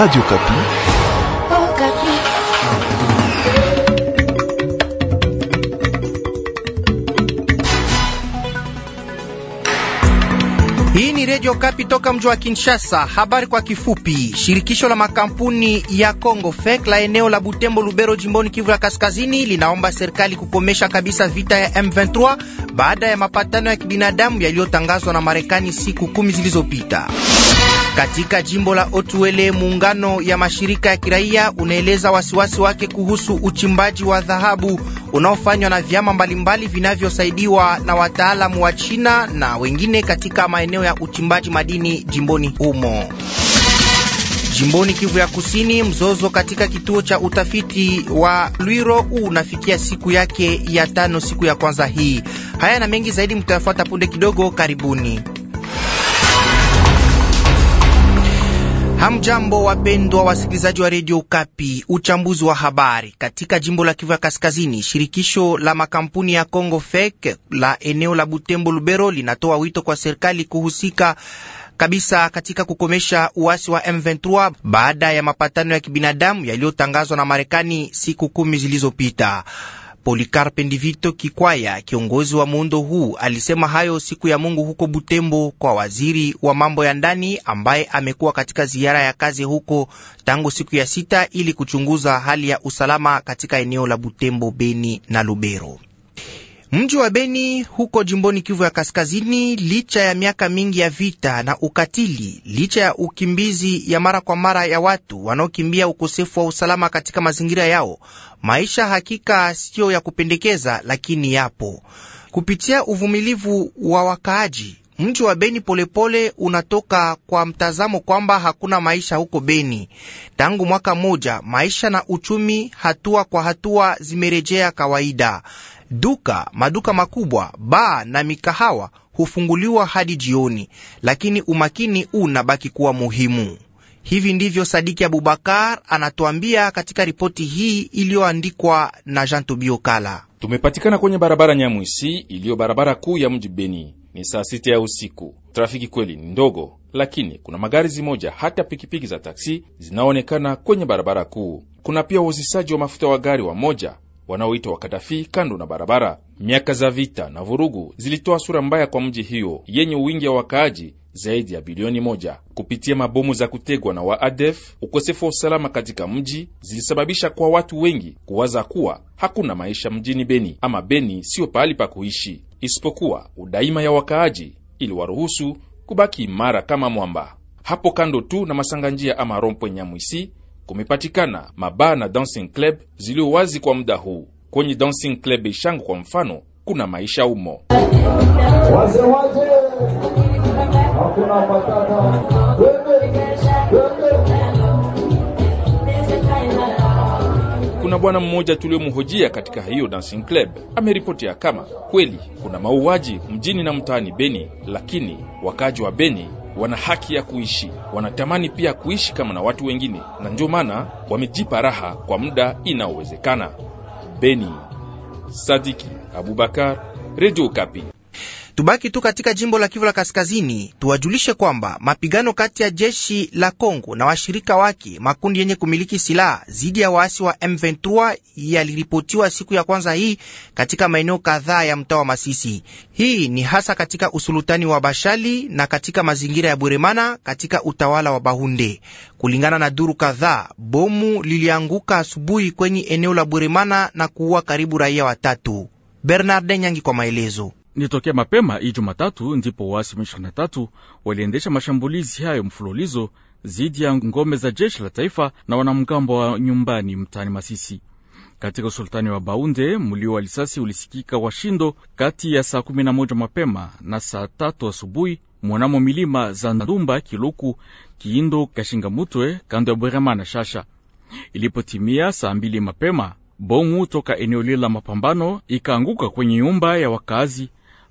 Radio Kapi. Oh, Kapi. Hii ni Radio Kapi toka mji wa Kinshasa. Habari kwa kifupi. Shirikisho la makampuni ya Kongo FEC la eneo la Butembo Lubero jimboni Kivu ya Kaskazini linaomba serikali kukomesha kabisa vita ya M23 baada ya mapatano ya kibinadamu yaliyotangazwa na Marekani siku kumi zilizopita. Katika jimbo la Otuele, muungano ya mashirika ya kiraia unaeleza wasiwasi wake kuhusu uchimbaji wa dhahabu unaofanywa na vyama mbalimbali vinavyosaidiwa na wataalamu wa China na wengine katika maeneo ya uchimbaji madini jimboni humo. Jimboni Kivu ya Kusini, mzozo katika kituo cha utafiti wa Lwiro unafikia siku yake ya tano, siku ya kwanza hii. Haya na mengi zaidi mtayafuata punde kidogo. Karibuni. Hamjambo, wapendwa wasikilizaji wa redio Kapi. Uchambuzi wa habari katika jimbo la Kivu ya Kaskazini. Shirikisho la makampuni ya Congo FEC la eneo la Butembo Lubero linatoa wito kwa serikali kuhusika kabisa katika kukomesha uasi wa M23 baada ya mapatano ya kibinadamu yaliyotangazwa na Marekani siku kumi zilizopita. Polikarpe Ndivito Kikwaya, kiongozi wa muundo huu, alisema hayo siku ya Mungu huko Butembo kwa waziri wa mambo ya ndani ambaye amekuwa katika ziara ya kazi huko tangu siku ya sita ili kuchunguza hali ya usalama katika eneo la Butembo, Beni na Lubero. Mji wa Beni huko jimboni Kivu ya Kaskazini, licha ya miaka mingi ya vita na ukatili, licha ya ukimbizi ya mara kwa mara ya watu wanaokimbia ukosefu wa usalama katika mazingira yao, maisha hakika siyo ya kupendekeza, lakini yapo. Kupitia uvumilivu wa wakaaji, mji wa Beni polepole pole unatoka kwa mtazamo kwamba hakuna maisha huko Beni. Tangu mwaka mmoja, maisha na uchumi hatua kwa hatua zimerejea kawaida. Duka, maduka makubwa, baa na mikahawa hufunguliwa hadi jioni, lakini umakini unabaki kuwa muhimu. Hivi ndivyo Sadiki Abubakar anatuambia katika ripoti hii iliyoandikwa na Jean Tobio Kala. Tumepatikana kwenye barabara Nyamwisi iliyo barabara kuu ya mji Beni. Ni saa sita ya usiku. Trafiki kweli ni ndogo, lakini kuna magari zimoja hata pikipiki za taksi zinaonekana kwenye barabara kuu. Kuna pia uzisaji wa mafuta wa gari wa moja wanaoitwa wakadafi kando na barabara. Miaka za vita na vurugu zilitoa sura mbaya kwa mji hiyo yenye wingi wa wakaaji zaidi ya bilioni moja. Kupitia mabomu za kutegwa na waadef, ukosefu wa usalama katika mji zilisababisha kwa watu wengi kuwaza kuwa hakuna maisha mjini Beni ama Beni siyo pahali pa kuishi, isipokuwa udaima ya wakaaji ili waruhusu kubaki imara kama mwamba hapo kando tu na masanga njia ama rompwe Nyamwisi kumepatikana mabaa na dancing club zilio wazi kwa muda huu. Kwenye dancing club Ishangu kwa mfano, kuna maisha umo waze waze, hakuna patata Kuna bwana mmoja tuliomhojia katika hiyo dancing club ameripotia kama kweli kuna mauaji mjini na mtaani Beni, lakini wakaji wa Beni wana haki ya kuishi, wanatamani pia kuishi kama na watu wengine, na ndio maana wamejipa raha kwa muda inaowezekana. Beni, Sadiki Abubakar, Radio Kapi. Tubaki tu katika jimbo la Kivu la Kaskazini, tuwajulishe kwamba mapigano kati ya jeshi la Kongo na washirika wake makundi yenye kumiliki silaha dhidi ya waasi wa M23 yaliripotiwa siku ya kwanza hii katika maeneo kadhaa ya mtaa wa Masisi. Hii ni hasa katika usulutani wa Bashali na katika mazingira ya Buremana katika utawala wa Bahunde. Kulingana na duru kadhaa, bomu lilianguka asubuhi kwenye eneo la Buremana na kuua karibu raia watatu. Bernard Nyangi kwa maelezo. Nitokea mapema hii Jumatatu ndipo waasi M23 waliendesha mashambulizi hayo mfululizo dhidi ya ngome za jeshi la taifa na wanamgambo wa nyumbani mtaani Masisi. Katika usultani wa Baunde, mlio wa risasi ulisikika wa shindo kati ya saa 11 mapema na saa tatu asubuhi mwanamo milima za Ndumba, Kiluku, Kiindo, Kashingamutwe kando ya Bwerema na Shasha. Ilipotimia saa mbili mapema bomu toka eneo lile la mapambano ikaanguka kwenye nyumba ya wakazi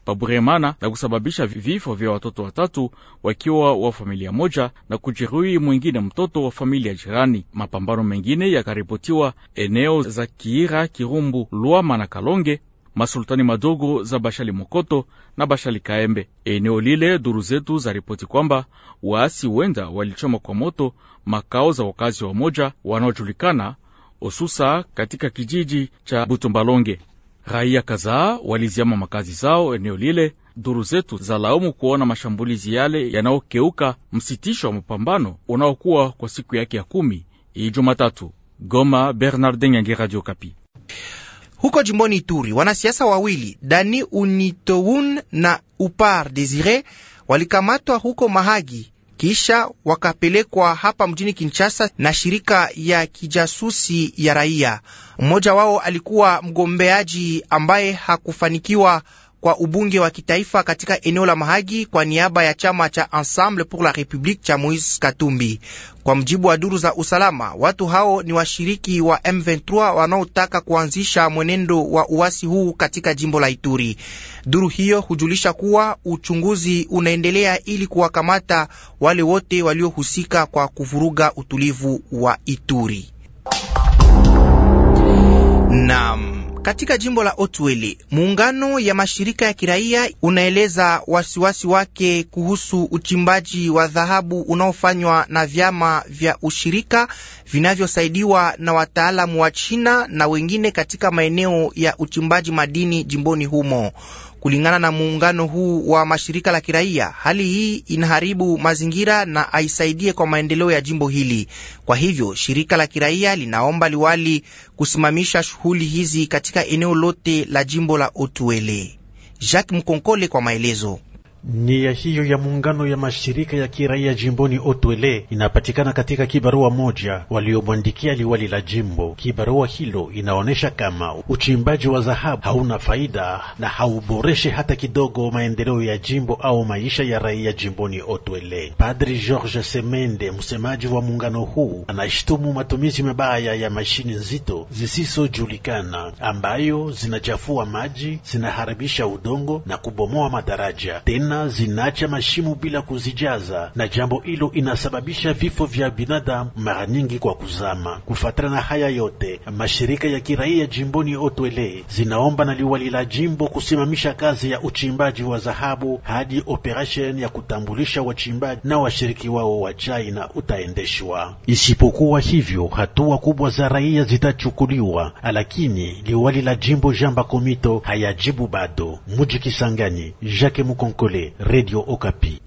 paburemana na kusababisha vifo vya watoto watatu wakiwa wa familia moja na kujeruhi mwingine mtoto wa familia jirani. Mapambano mengine yakaripotiwa eneo za Kiira, Kirumbu, Lwama na Kalonge, masultani madogo za Bashali Mokoto na Bashali Kaembe. Eneo lile, duru zetu za ripoti kwamba waasi wenda walichoma kwa moto makao za wakazi wa moja wanaojulikana hususa katika kijiji cha Butumbalonge. Raia kadhaa waliziama makazi zao eneo lile. Duru zetu za laumu kuona mashambulizi yale yanayokeuka msitisho wa mapambano unaokuwa kwa siku yake ya kumi hii Jumatatu. Goma, Bernardin Yange, Radio Kapi. Huko jimboni Ituri, wanasiasa wawili Dani Unitoun na Upar Desire walikamatwa huko Mahagi kisha wakapelekwa hapa mjini Kinshasa na shirika ya kijasusi ya raia. Mmoja wao alikuwa mgombeaji ambaye hakufanikiwa kwa ubunge wa kitaifa katika eneo la Mahagi kwa niaba ya chama cha Ensemble pour la République cha Moise Katumbi. Kwa mjibu wa duru za usalama, watu hao ni washiriki wa M23 wanaotaka kuanzisha mwenendo wa uasi huu katika jimbo la Ituri. Duru hiyo hujulisha kuwa uchunguzi unaendelea ili kuwakamata wale wote waliohusika kwa kuvuruga utulivu wa Ituri. Naam. Katika jimbo la Otweli. muungano ya mashirika ya kiraia unaeleza wasiwasi wake kuhusu uchimbaji wa dhahabu unaofanywa na vyama vya ushirika vinavyosaidiwa na wataalamu wa China na wengine katika maeneo ya uchimbaji madini jimboni humo. Kulingana na muungano huu wa mashirika la kiraia, hali hii inaharibu mazingira na aisaidie kwa maendeleo ya jimbo hili. Kwa hivyo shirika la kiraia linaomba liwali kusimamisha shughuli hizi katika eneo lote la jimbo la Otuele. Jacques Mkonkole kwa maelezo ni ya hiyo ya muungano ya mashirika ya kiraia jimboni Otwele inapatikana katika kibarua moja waliomwandikia liwali la jimbo. Kibarua hilo inaonyesha kama uchimbaji wa dhahabu hauna faida na hauboreshe hata kidogo maendeleo ya jimbo au maisha ya raia jimboni Otwele. Padri George Semende, msemaji wa muungano huu, anashtumu matumizi mabaya ya mashini nzito zisizojulikana ambayo zinachafua maji, zinaharibisha udongo na kubomoa madaraja tena sana zinaacha mashimo bila kuzijaza, na jambo hilo inasababisha vifo vya binadamu mara nyingi kwa kuzama. Kufuatana na haya yote, mashirika ya kiraia jimboni Otwele zinaomba na liwali la jimbo kusimamisha kazi ya uchimbaji wa dhahabu hadi operation ya kutambulisha wachimbaji na washiriki wao wa China utaendeshwa. Isipokuwa hivyo, hatua kubwa za raia zitachukuliwa, lakini liwali la jimbo Jamba Komito hayajibu bado. Muji Kisangani, Jacques Mukonkole Kabale, Radio Okapi.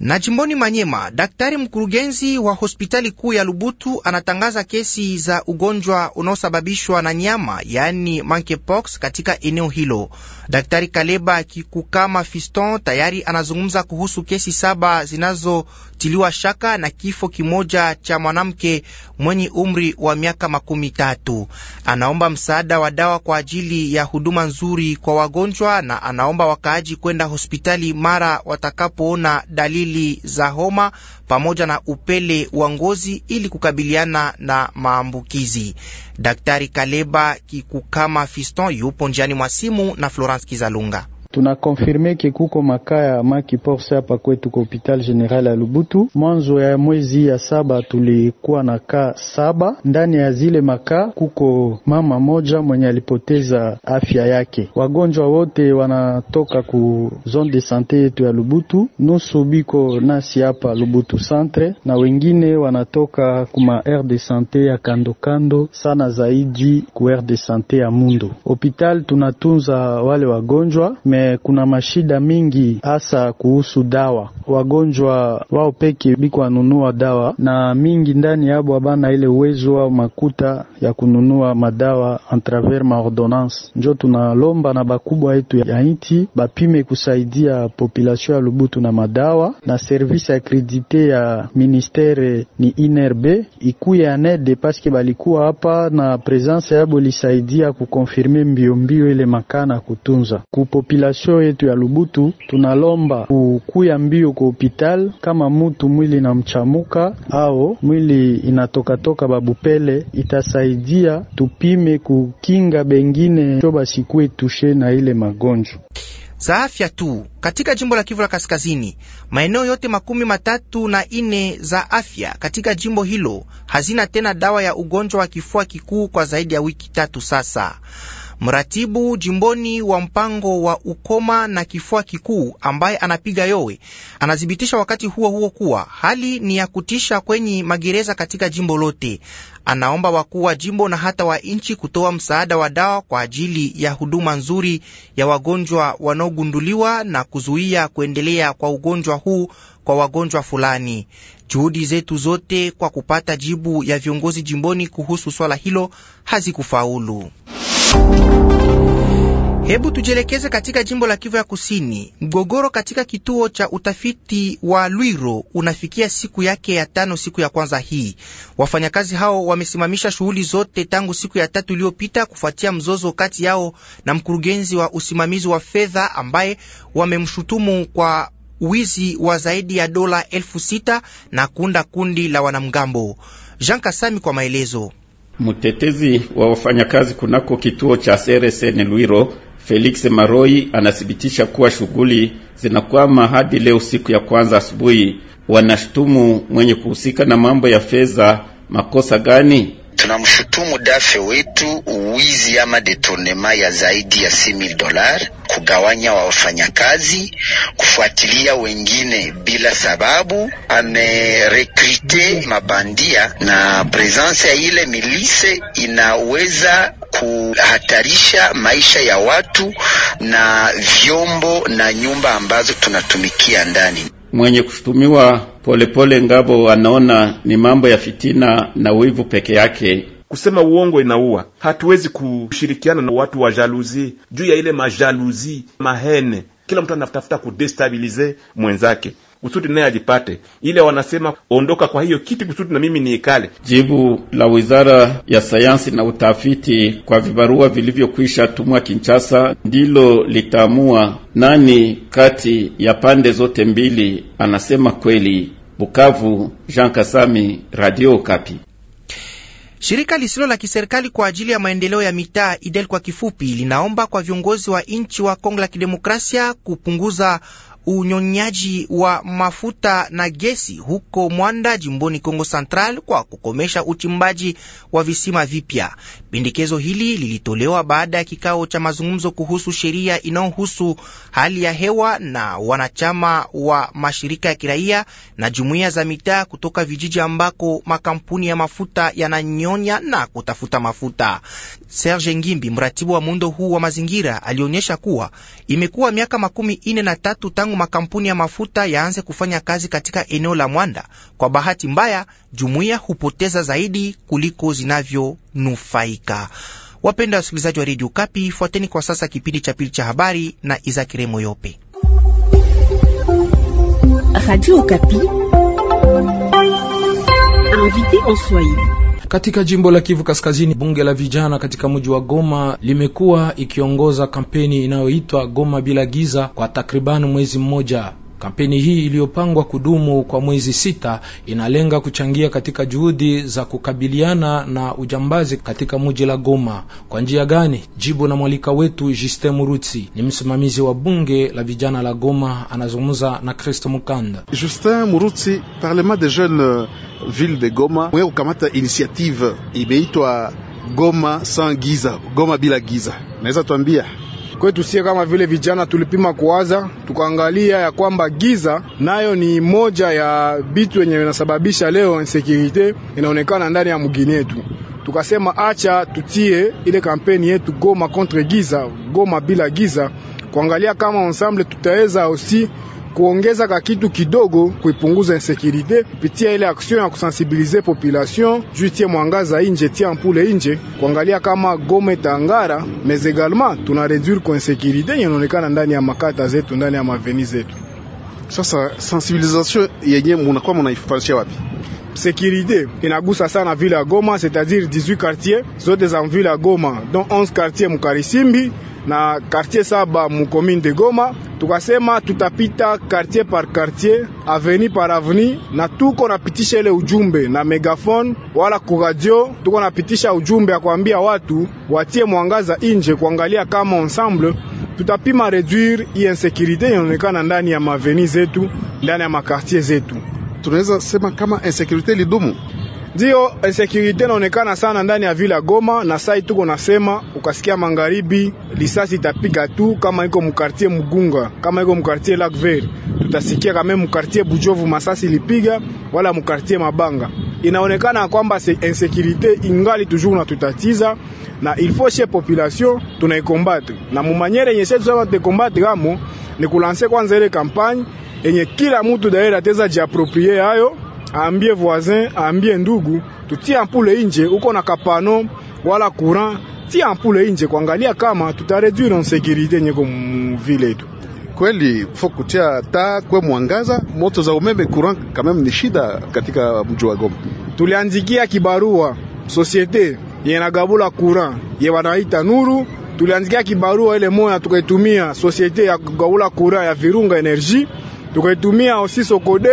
Na jimboni Manyema, daktari mkurugenzi wa hospitali kuu ya Lubutu anatangaza kesi za ugonjwa unaosababishwa na nyama, yaani monkeypox katika eneo hilo. Daktari Kaleba Kikukama Fiston tayari anazungumza kuhusu kesi saba zinazotiliwa shaka na kifo kimoja cha mwanamke mwenye umri wa miaka makumi tatu. Anaomba msaada wa dawa kwa ajili ya huduma nzuri kwa wagonjwa na anaomba wakaaji kwenda hospitali mara watakapoona dalili dalili za homa pamoja na upele wa ngozi ili kukabiliana na maambukizi. Daktari Kaleba Kikukama Fiston yupo njiani mwa simu na Florence Kizalunga tunakonfirme ke kuko makaa ya maki porse hapa kwetu kwa hopital general ya Lubutu. Mwanzo ya mwezi ya saba tulikuwa na kaa saba. Ndani ya zile makaa kuko mama moja mwenye alipoteza afya yake. Wagonjwa wote wanatoka ku zone de sante yetu ya Lubutu, nusu biko nasi hapa Lubutu centre na wengine wanatoka kuma aire de sante ya kandokando, sana zaidi ku aire de sante ya mundo Hopital tunatunza wale wagonjwa me Eh, kuna mashida mingi hasa kuhusu dawa. Wagonjwa wao peke biko wanunua dawa, na mingi ndani yabo abana ile uwezo wao makuta ya kununua madawa travers ma ordonnance. Njo tunalomba na bakubwa yetu ya inti bapime kusaidia population ya Lubutu na madawa, na service akredite ya ministere ni INRB ikuye anede paske balikuwa hapa na presence yabo lisaidia kukonfirme mbiombio ile makana kutunza ku population populasio yetu ya Lubutu tunalomba kukuya mbio kwa hopital, kama mutu mwili namchamuka au mwili inatokatoka babupele, itasaidia tupime kukinga bengine sho basikue tushe na ile magonjwa za afya tu katika jimbo la Kivu la Kaskazini, maeneo yote makumi matatu na ine za afya katika jimbo hilo hazina tena dawa ya ugonjwa wa kifua kikuu kwa zaidi ya wiki tatu sasa mratibu jimboni wa mpango wa ukoma na kifua kikuu ambaye anapiga yowe anathibitisha wakati huo huo kuwa hali ni ya kutisha kwenye magereza katika jimbo lote. Anaomba wakuu wa jimbo na hata wa nchi kutoa msaada wa dawa kwa ajili ya huduma nzuri ya wagonjwa wanaogunduliwa na kuzuia kuendelea kwa ugonjwa huu kwa wagonjwa fulani. Juhudi zetu zote kwa kupata jibu ya viongozi jimboni kuhusu swala hilo hazikufaulu. Hebu tujielekeze katika jimbo la Kivu ya Kusini. Mgogoro katika kituo cha utafiti wa Lwiro unafikia siku yake ya tano, siku ya kwanza hii. Wafanyakazi hao wamesimamisha shughuli zote tangu siku ya tatu iliyopita kufuatia mzozo kati yao na mkurugenzi wa usimamizi wa fedha ambaye wamemshutumu kwa wizi wa zaidi ya dola elfu sita na kunda kundi la wanamgambo. Jean Kasami kwa maelezo. Mtetezi wa wafanyakazi kunako kituo cha Seresene Lwiro Felix Maroi anathibitisha kuwa shughuli zinakwama hadi leo siku ya kwanza asubuhi. Wanashtumu mwenye kuhusika na mambo ya fedha makosa gani? tunamshutumu dafe wetu uwizi ama detournema ya zaidi ya 6000 dolar, kugawanya wafanyakazi, kufuatilia wengine bila sababu. Amerekrute mabandia na presence ya ile milise inaweza kuhatarisha maisha ya watu na vyombo na nyumba ambazo tunatumikia ndani. Mwenye kushutumiwa Polepole Ngabo anaona ni mambo ya fitina na wivu peke yake. Kusema uongo inaua. Hatuwezi kushirikiana na watu wa jaluzi juu ya ile majaluzi mahene, kila mtu anatafuta kudestabilize mwenzake kusudi naye ajipate ile wanasema ondoka kwa hiyo kiti kusudi na mimi niikale. Jibu la wizara ya sayansi na utafiti kwa vibarua vilivyokwisha tumwa Kinshasa ndilo litaamua nani kati ya pande zote mbili anasema kweli. Bukavu, Jean Kasami, Radio Kapi. Shirika lisilo la kiserikali kwa ajili ya maendeleo ya mitaa IDEL kwa kifupi, linaomba kwa viongozi wa nchi wa Kongo la Kidemokrasia kupunguza unyonyaji wa mafuta na gesi huko Mwanda jimboni Kongo Central kwa kukomesha uchimbaji wa visima vipya. Pendekezo hili lilitolewa baada ya kikao cha mazungumzo kuhusu sheria inayohusu hali ya hewa na wanachama wa mashirika ya kiraia na jumuiya za mitaa kutoka vijiji ambako makampuni ya mafuta yananyonya na kutafuta mafuta. Serge Ngimbi, mratibu wa muundo huu wa mazingira, alionyesha kuwa imekuwa miaka makumi ine na tatu tangu makampuni ya mafuta yaanze kufanya kazi katika eneo la Mwanda, kwa bahati mbaya, jumuiya hupoteza zaidi kuliko zinavyonufaika. Wapenda wasikilizaji wa redio Kapi, fuateni kwa sasa kipindi cha pili cha habari na Izakiremo Yope. Radio Kapi invité en Swahili katika jimbo la Kivu Kaskazini, bunge la vijana katika mji wa Goma limekuwa ikiongoza kampeni inayoitwa Goma bila giza kwa takribani mwezi mmoja. Kampeni hii iliyopangwa kudumu kwa mwezi sita inalenga kuchangia katika juhudi za kukabiliana na ujambazi katika mji la Goma. Kwa njia gani? Jibu na mwalika wetu Justin Murutsi ni msimamizi wa bunge la vijana la Goma, anazungumza na Kristo Mukanda. Justin Murutsi, Parlement des Jeunes Ville de Goma mwenye kukamata initiative imeitwa Goma sans giza, Goma bila giza, naweza tuambia Kwetu sie kama vile vijana tulipima kuwaza, tukaangalia ya kwamba giza nayo ni moja ya bitu yenye inasababisha leo insekirite inaonekana ndani ya mgini yetu. Tukasema acha tutie ile kampeni yetu Goma contre giza, Goma bila giza, kuangalia kama ensemble tutaweza aussi kuongeza ka kitu kidogo kuipunguza insekurite kupitia ile action ya kusensibilize population juu tie mwangaza inje tie ampule inje kuangalia kama gome tangara mais également tuna réduire ko insekurite inaonekana ndani ya makata zetu ndani ya maveni zetu. Sasa sensibilisation yenye munakuwa munaifanyia wapi? sekirite inagusa sana vile ya Goma, c'est-à-dire 18 quartier zote za mvile ya Goma, dont 11 quartier mukarisimbi na quartier saba mukomine de Goma. Tukasema tutapita quartier par quartier, aveni par aveni, na tuko napitisha ile ujumbe na megafone wala kuradio. Tuko napitisha ujumbe ya kuambia watu watie mwangaza inje kuangalia kama ensemble tutapima reduire hii insekurite inaonekana ndani ya maveni zetu, ndani ya makartier zetu tunaweza sema kama insecurity lidumu. Ndio, insecurity inaonekana sana ndani ya vila Goma, na sai tuko nasema, ukasikia magharibi lisasi itapiga tu, kama iko mkartie Mugunga, kama iko mkartie Lakver, tutasikia kama mkartie Bujovu masasi lipiga, wala mkartie Mabanga inaonekana kwamba insekurite ingali toujours tutatiza na ilfoshe population tunaikombatre na mumanyere yenye shetu saba tutekombatre amo ni kulanse kwanza ile kampagne yenye kila mutu daire ateza jiaproprie hayo, aambie voisin, aambie ndugu, tutie ampule inje uko na kapano wala courant, tia ampule inje kuangalia kama tutaredwire insekurite yenye ko yetu kweli fo kutia taa kwe mwangaza, moto za umeme courant kameme ni shida katika mji wa Goma. Tuliandikia kibarua sosiete yenagabula courant ye wanaita Nuru, tuliandikia kibarua ile moya, tukaitumia sosiete ya kugabula courant ya Virunga Energie, tukaitumia osi Sokode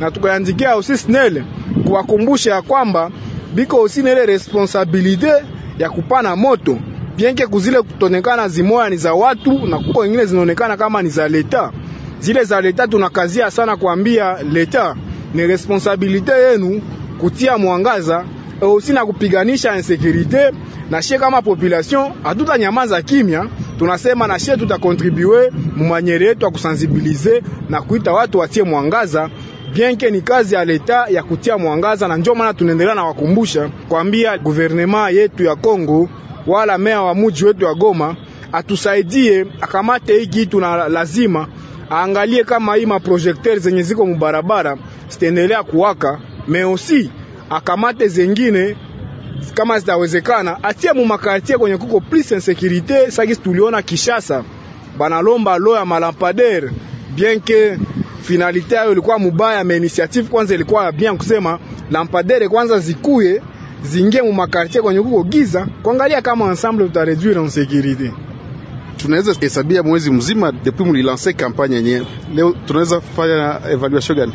na tukaandikia osi Snele kuwakumbusha ya kwamba biko osi nele responsabilite ya kupana moto bienke kuzile kutonekana zimoya ni za watu na kuko wengine zinaonekana kama ni za leta. Zile za leta tunakazia sana kuambia leta ni responsabilite yenu kutia mwangaza osi eh, na kupiganisha insekurite na shie, kama population hatuta nyamaza kimya, tunasema na shie tutakontribue mumanyere yetu ya na kuita watu watie mwangaza bienke ni kazi ya leta ya kutia mwangaza, na ndio maana tunaendelea na wakumbusha kwambia guvernema yetu ya Kongo wala mea wa muji wetu wa Goma atusaidie akamate hii kitu, na lazima aangalie kama hii maprojekter zenye ziko mubarabara zitaendelea kuwaka meosi, akamate zengine kama zitawezekana, atie mumakartie kwenye kuko plus insekurite. Saki tuliona Kishasa banalomba lo ya malampader bien que finalite ayo ilikuwa mubaya, ma initiative kwanza ilikuwa bien kusema lampadere kwanza zikuye zingie mu makartier kwenye kuko giza, kuangalia kama ensemble tutareduire insécurité. Tunaweza hesabia mwezi mzima depuis mlilanse kampanya yenyewe, leo tunaweza fanya evaluation gani?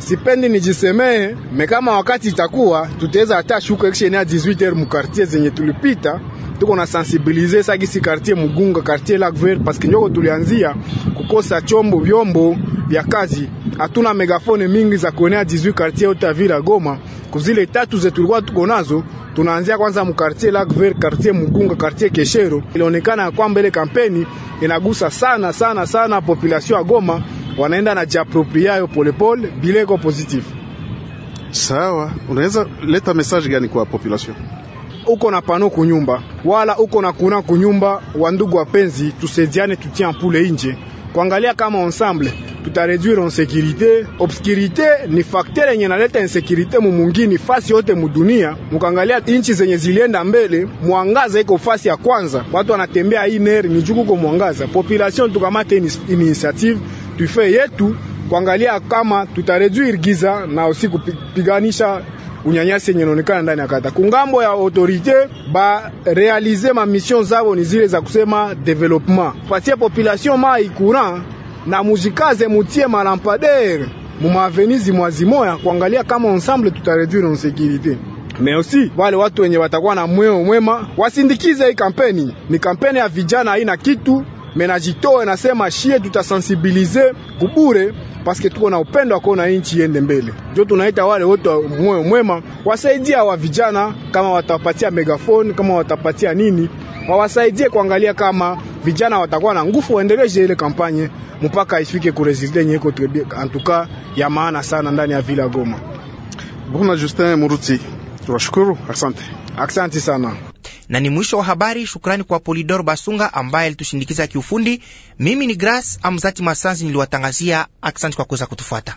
sipendi nijisemee mekama wakati itakuwa tutaweza hata shuka action ya 18h mu quartier zenye tulipita tuko na sensibiliser sagi si Mugunga, quartier Lac Vert, parce que tulianzia kukosa chombo vyombo vya kazi. Hatuna megafone mingi za kuonea 18 quartier yote vila Goma. Kuzile tatu zetu tulikuwa tuko nazo, tunaanzia kwanza mu Lac Vert, quartier Mugunga, quartier Keshero. Ilionekana kwamba ile kampeni inagusa sana sana sana population ya Goma wanaenda na jiapropria yo polepole bila iko positif. Sawa, unaweza leta message gani kwa population? Uko na pano kunyumba wala uko na kuna kunyumba, wa ndugu wapenzi, tusaidiane, tutia pule nje kuangalia kama ensemble tutareduire insécurité. Obscurité ni facteur yenye naleta insécurité mumungini fasi yote mudunia. Mukangalia inchi zenye zilienda mbele, mwangaza iko fasi ya kwanza, watu wanatembea ineri ni jukuko mwangaza. Population tukamate initiative tufe yetu kuangalia kama tutareduire giza na aussi kupiganisha unyanyasi yenye inaonekana ndani ya kata. Kungambo ya autorite ba realize ma mission zao ni zile za kusema development, patie population mai courant na mujikaze, mutie malampader mumaavenizi mwazimoya kuangalia kama ensemble tutareduire insécurité mais aussi wale watu wenye watakuwa na mweo mwema wasindikize hii kampeni. Ni kampeni ya vijana, haina kitu menajitoe nasema shie tutasensibilize kubure paske tuko na upendo wako na nchi iende mbele. jo tunaita wale wote moyo mwema wasaidia wa vijana, kama watapatia megafoni, kama watapatia nini, wawasaidie kuangalia kama vijana watakuwa na nguvu, waendeleshe ile kampanye mpaka ifike ku resultat yenye antuka ya maana sana ndani ya vila Goma. Bwana Justin Muruti, tunashukuru, asante, asante sana na ni mwisho wa habari. Shukrani kwa Polidor Basunga ambaye alitushindikiza kiufundi. Mimi ni Grace Amzati Masanzi niliwatangazia. Asante kwa kuweza kutufuata.